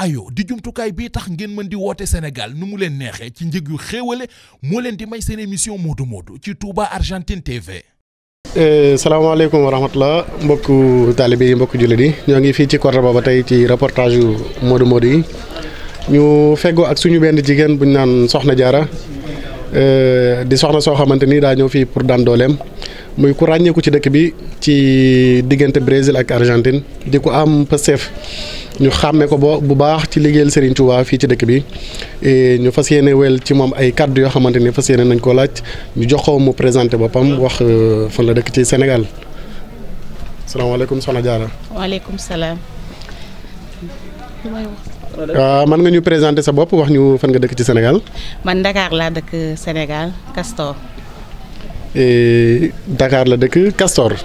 ayo di jumtukaay bii tax ngeen mën di woote Sénégal nu mu leen neexee ci njëg yu xéewale moo leen di may seen émission Modou Modou ci Touba Argentine TV. Eh, salaamaaleykum wa rahmatulah mbokku taalibe yi mbokku jullit yi ñoo ngi fii ci Cordoba ba tey ci reportage yu Modou Modou yi ñu feggoo ak suñu benn jigéen buñ naan Soxna Jaara eh, di soxna soo xamante ni daa ñëw fii pour daan dooleem muy ku ràññeeku ci dëkk bi ci diggante Brésil ak Argentine di ko am pësteef. ñu xàmme ko ba bu baax ci liggéeyal Serigne Touba fii ci dëkk bi ñu fas yéene wel ci moom ay kàddu yoo xamante ni fas yéene nañ koo laaj ñu jox ko mu présenté boppam wax euh, fan la dëkk ci senegal salaamaaleykum soxna Diarra. waaleykum salaam. waaw ah, man nga ñu présenté sa bopp wax ñu fan nga dëkk ci Sénégal. man Dakar laa dëkk Sénégal Castor. dakaar la dëkk Castor.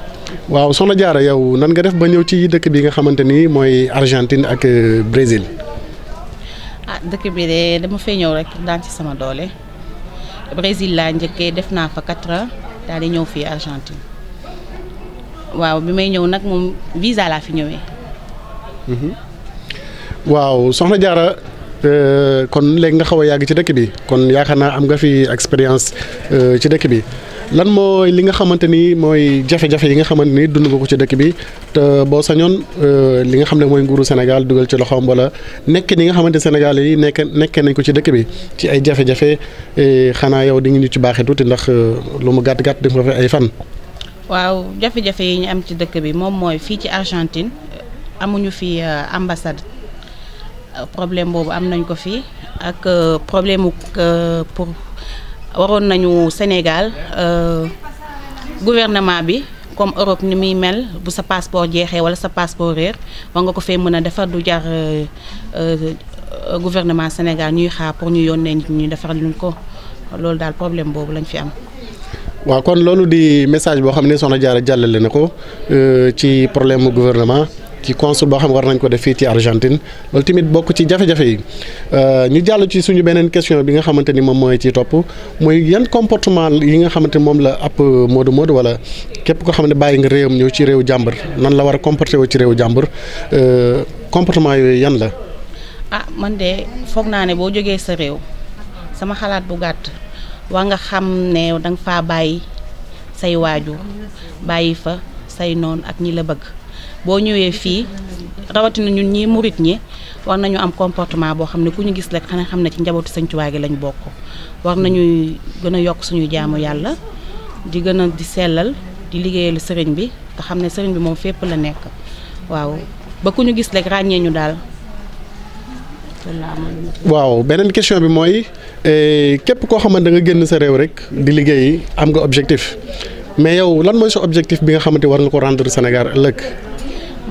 waaw soxna Diarra yow nan nga def ba ñëw ci dëkk bi nga xamante ni mooy Argentine ak euh, Brésil. ah dëkk bi de dama fay ñëw rek daan ci sama doole Brésil laa njëkkee def naa fa quatre ans di ñëw fii Argentine waaw bi may ñëw nag moom visa laa fi ñëwee. Mhm. waaw soxna Diarra euh, kon léegi nga xaw a yàgg ci dëkk bi kon yaakaar naa am nga fi expérience euh, ci dëkk bi. lan mooy li nga xamante ni mooy jafe-jafe yi nga xamante ni dund nga ko ci dëkk bi te boo sañoon euh, li nga xam ne mooy nguuru Sénégal dugal ci loxoom wala nekk ni nga xamante Sénégal yi nekk nekke nañ ko ci dëkk bi ci ay jafe-jafe eh, xanaa yow di nga ñu ci baaxe tuuti ndax euh, lu mu gàtt gàtt def nga fi ay fan. waaw jafe-jafe yi ñu am ci dëkk bi moom mooy fii ci Argentine euh, amuñu fi ambassade problème boobu am nañ ko fi ak problème pour. waroon nañu Sénégal euh, gouvernement bi comme Europe ni muy mel bu sa passeport jeexee wala sa passeport réer war nga ko fee mën a defar du jar euh, euh, gouvernement Sénégal ñuy xaar pour ñu yónnee nit ñu defar luñ ko loolu daal problème boobu lañ fi am. waaw kon loolu di message boo xam ne soxna Diarra jàllale na ko ci problème mu gouvernement. ci consul boo xam ne war nañ ko def fii ci Argentine loolu tamit bokk ci jafe-jafe yi euh, ñu jàll ci suñu beneen question bi nga xamante ni moom mooy ci topp mooy yan comportement yi nga xamante moom la ab euh, Modou Modou wala képp ko xam ne bàyyi nga réewam ñëw ci réew jàmbur nan la war a comporté woo ci réew jàmbur euh, comportement yooyu yan la. ah man de foog naa ne boo jógee sa réew sama xalaat bu gàtt waa nga xam ne danga faa bàyyi say waajur bàyyi fa say noon ak ñi la bëgg. boo ñëwee fii rawatina ñun ñii murit ñi war nañu am comportement boo xam ne ku ñu gis rek xanaa xam ne ci njabootu Sëñ Tuubaa gi lañ bokk war nañuy gën a yokk suñu jaamu yàlla di gën a di sellal di liggéeyalu sëriñ bi te xam ne sëriñ bi moom fépp la nekk waaw ba ku ñu gis rek ràññee ñu daal. waaw beneen question bi mooy eh, képp koo xamante nga génn sa réew rek di liggéey am nga objectif mais yow lan mooy sa objectif bi nga xamante war na ko rendre Sénégal ëllëg.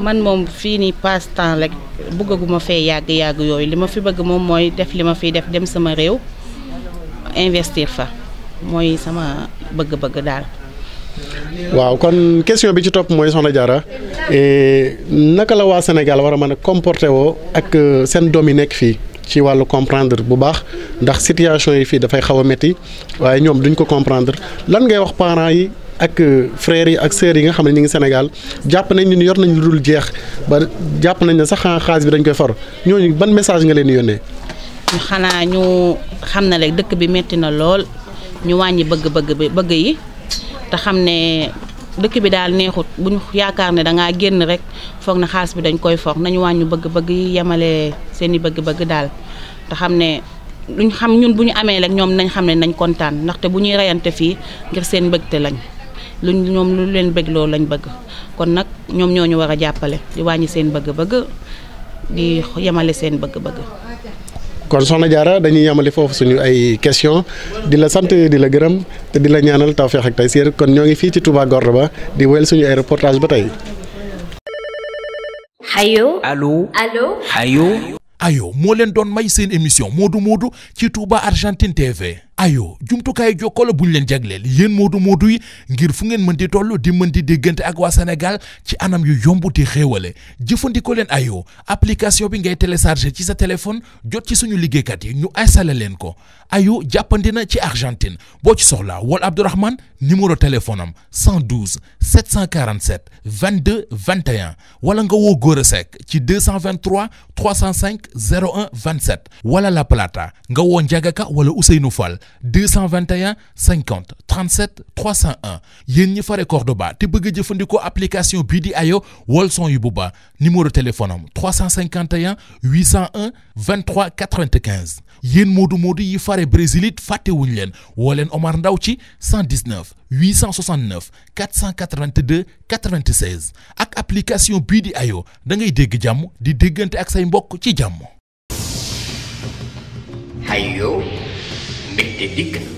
man moom fii nii passe temps rek bëggaguma fee yàgg-yàgg yooyu li ma fi bëgg moom mooy def li ma fiy def dem sama réew investir fa mooy sama bëgg-bëgg daal. waaw kon question bi ci topp mooy soxna Diarra eh, naka la waa Sénégal war a mën a comporté woo ak euh, seen doom yi nekk fii ci wàllu comprendre bu baax ndax situation yi fii dafay xaw a métti waaye ñoom duñ ko comprendre lan ngay wax parents yi. ak euh, frères yi ak sœurs yi nga xam ne ñu ngi Sénégal jàpp nañ ñu ñun yor nañ lu dul jeex ba jàpp nañ ne sax xaalis bi dañ koy for ñooñu ban message nga leen di ñu xam na rek dëkk bi metti na lool ñu wàññi bëgg-bëgg yi te xam ne dëkk bi daal neexut bu ñu yaakaar ne dangaa génn rek foog na xaalis bi dañ koy foog nañu wàññi bëgg-bëgg yi yemale seeni bëgg-bëgg daal te xam ne. luñ xam ñun bu ñu amee rek ñoom nañ xam ne nañ kontaan ndaxte bu ñuy reyante fii ngir seen mbëgte lañ luñ ñoom lu leen bëgg loolu lañ bëgg kon nag ñoom ñoo ñu war a jàppale di wàññi seen bëgg-bëgg di yemale seen bëgg-bëgg. kon soxna Diarra dañuy yamali foofu suñu ay question di la sant di la gërëm te di la ñaanal tawfeex ak taysiir kon ñoo ngi fii ci Touba Gordoba di wéyal suñu ay reportage ba tey. allo allo allo. ayo moo leen doon may seen émission Modou Modou ci Touba Argentine TV. ayo jumtukaay jokkoo la bu ñu leen jagleel yéen moodu moodu yi ngir fu ngeen mën di toll di mën di déggante ak waa Sénégal ci anam yu yomb te xéewale jëfandikoo leen ayo application bi ngay télécharger ci sa téléphone jot ci suñu liggéeykat yi ñu installé leen ko ayo jàppandi na ci Argentine boo ci soxlaa wol Abdourahmane numéro téléphone am 112 747 22 21 wala nga woo Gora Seck ci 223 305 01 27 wala La Plata nga woo Ndiagaka wala Ousseynou Fall. 221 50 37 301 yéen ñi fare Cordoba te bëgg a jëfandikoo application bii di ayo wol son yu bu baax numéro téléphone am 351 801 23 95 yéen moodu moodu yi fare Brésil it fàttewuñu leen woo leen Omar Ndaw ci 119 869 482 96 ak application bii di ayo da ngay dégg jàmm di déggante ak say mbokk ci jàmm. Ayo. te dikk na